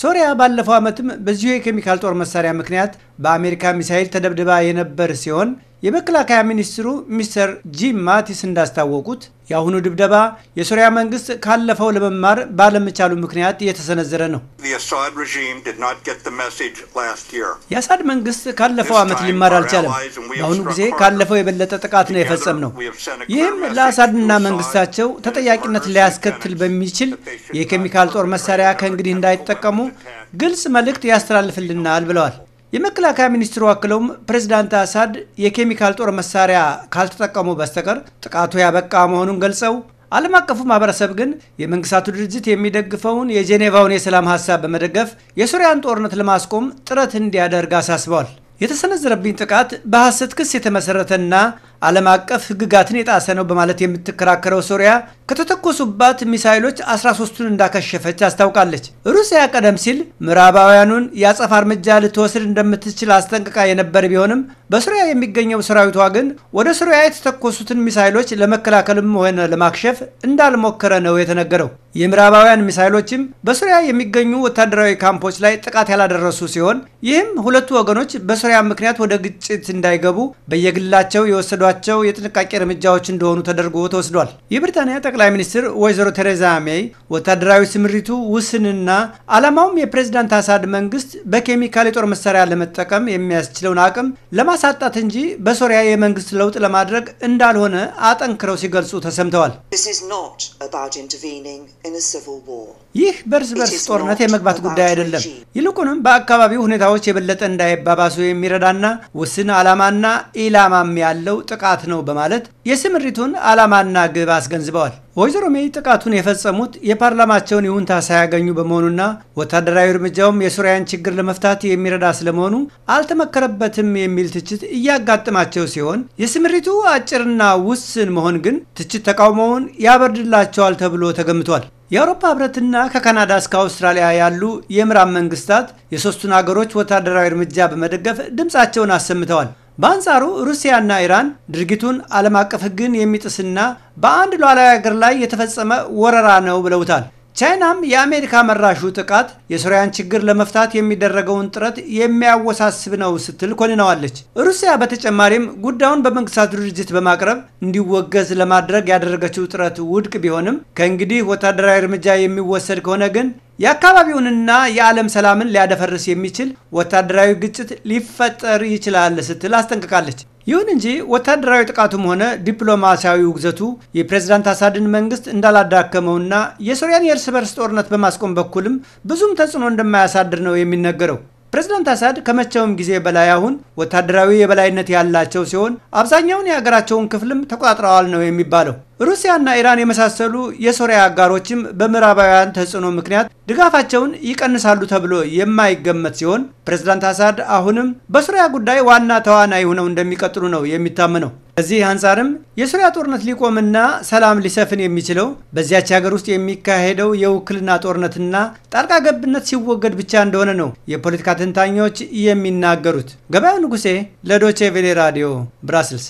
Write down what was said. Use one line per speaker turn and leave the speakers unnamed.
ሶሪያ ባለፈው ዓመትም በዚሁ የኬሚካል ጦር መሳሪያ ምክንያት በአሜሪካ ሚሳይል ተደብድባ የነበር ሲሆን የመከላከያ ሚኒስትሩ ሚስተር ጂም ማቲስ እንዳስታወቁት የአሁኑ ድብደባ የሶሪያ መንግስት ካለፈው ለመማር ባለመቻሉ ምክንያት የተሰነዘረ ነው። የአሳድ መንግስት ካለፈው ዓመት ሊማር አልቻለም። በአሁኑ ጊዜ ካለፈው የበለጠ ጥቃት ነው የፈጸም ነው። ይህም ለአሳድና መንግስታቸው ተጠያቂነት ሊያስከትል በሚችል የኬሚካል ጦር መሳሪያ ከእንግዲህ እንዳይጠቀሙ ግልጽ መልእክት ያስተላልፍልናል ብለዋል። የመከላከያ ሚኒስትሩ አክለውም ፕሬዚዳንት አሳድ የኬሚካል ጦር መሳሪያ ካልተጠቀሙ በስተቀር ጥቃቱ ያበቃ መሆኑን ገልጸው ዓለም አቀፉ ማህበረሰብ ግን የመንግስታቱ ድርጅት የሚደግፈውን የጄኔቫውን የሰላም ሀሳብ በመደገፍ የሱሪያን ጦርነት ለማስቆም ጥረት እንዲያደርግ አሳስበዋል። የተሰነዘረብኝ ጥቃት በሐሰት ክስ የተመሠረተና ዓለም አቀፍ ሕግጋትን የጣሰ ነው በማለት የምትከራከረው ሶሪያ ከተተኮሱባት ሚሳይሎች 13ቱን እንዳከሸፈች አስታውቃለች። ሩሲያ ቀደም ሲል ምዕራባውያኑን የአጸፋ እርምጃ ልትወስድ እንደምትችል አስጠንቅቃ የነበር ቢሆንም በሱሪያ የሚገኘው ሰራዊቷ ግን ወደ ሱሪያ የተተኮሱትን ሚሳይሎች ለመከላከልም ሆነ ለማክሸፍ እንዳልሞከረ ነው የተነገረው። የምዕራባውያን ሚሳይሎችም በሱሪያ የሚገኙ ወታደራዊ ካምፖች ላይ ጥቃት ያላደረሱ ሲሆን ይህም ሁለቱ ወገኖች በሱሪያ ምክንያት ወደ ግጭት እንዳይገቡ በየግላቸው የወሰዷቸው የጥንቃቄ እርምጃዎች እንደሆኑ ተደርጎ ተወስዷል። የብሪታንያ ጠቅላይ ሚኒስትር ወይዘሮ ቴሬዛ ሜይ ወታደራዊ ስምሪቱ ውስንና ዓላማውም የፕሬዝዳንት አሳድ መንግስት በኬሚካል የጦር መሳሪያ ለመጠቀም የሚያስችለውን አቅም ለማሳጣት እንጂ በሶሪያ የመንግስት ለውጥ ለማድረግ እንዳልሆነ አጠንክረው ሲገልጹ ተሰምተዋል። ይህ በእርስ በርስ ጦርነት የመግባት ጉዳይ አይደለም። ይልቁንም በአካባቢው ሁኔታዎች የበለጠ እንዳይባባሱ የሚረዳና ውስን ዓላማና ኢላማም ያለው ጥቃት ነው በማለት የስምሪቱን ዓላማና ግብ አስገንዝበዋል። ወይዘሮ ሜይ ጥቃቱን የፈጸሙት የፓርላማቸውን ይሁንታ ሳያገኙ በመሆኑና ወታደራዊ እርምጃውም የሱሪያን ችግር ለመፍታት የሚረዳ ስለመሆኑ አልተመከረበትም የሚል ትችት እያጋጠማቸው ሲሆን የስምሪቱ አጭርና ውስን መሆን ግን ትችት ተቃውሞውን ያበርድላቸዋል ተብሎ ተገምቷል። የአውሮፓ ህብረትና ከካናዳ እስከ አውስትራሊያ ያሉ የምዕራብ መንግስታት የሶስቱን አገሮች ወታደራዊ እርምጃ በመደገፍ ድምፃቸውን አሰምተዋል። በአንጻሩ ሩሲያና ኢራን ድርጊቱን ዓለም አቀፍ ሕግን የሚጥስና በአንድ ሉዓላዊ ሀገር ላይ የተፈጸመ ወረራ ነው ብለውታል። ቻይናም የአሜሪካ መራሹ ጥቃት የሱሪያን ችግር ለመፍታት የሚደረገውን ጥረት የሚያወሳስብ ነው ስትል ኮንነዋለች። ሩሲያ በተጨማሪም ጉዳዩን በመንግስታት ድርጅት በማቅረብ እንዲወገዝ ለማድረግ ያደረገችው ጥረት ውድቅ ቢሆንም ከእንግዲህ ወታደራዊ እርምጃ የሚወሰድ ከሆነ ግን የአካባቢውንና የዓለም ሰላምን ሊያደፈርስ የሚችል ወታደራዊ ግጭት ሊፈጠር ይችላል ስትል አስጠንቅቃለች። ይሁን እንጂ ወታደራዊ ጥቃቱም ሆነ ዲፕሎማሲያዊ ውግዘቱ የፕሬዝዳንት አሳድን መንግስት እንዳላዳከመውና የሶሪያን የእርስ በርስ ጦርነት በማስቆም በኩልም ብዙም ተጽዕኖ እንደማያሳድር ነው የሚነገረው። ፕሬዝዳንት አሳድ ከመቼውም ጊዜ በላይ አሁን ወታደራዊ የበላይነት ያላቸው ሲሆን አብዛኛውን የሀገራቸውን ክፍልም ተቆጣጥረዋል ነው የሚባለው። ሩሲያና ኢራን የመሳሰሉ የሶሪያ አጋሮችም በምዕራባውያን ተጽዕኖ ምክንያት ድጋፋቸውን ይቀንሳሉ ተብሎ የማይገመት ሲሆን ፕሬዝዳንት አሳድ አሁንም በሶሪያ ጉዳይ ዋና ተዋናይ ሆነው እንደሚቀጥሉ ነው የሚታመነው። ከዚህ አንጻርም የሱሪያ ጦርነት ሊቆምና ሰላም ሊሰፍን የሚችለው በዚያች ሀገር ውስጥ የሚካሄደው የውክልና ጦርነትና ጣልቃ ገብነት ሲወገድ ብቻ እንደሆነ ነው የፖለቲካ ተንታኞች የሚናገሩት። ገበያው ንጉሴ ለዶቼ ቬሌ ራዲዮ ብራስልስ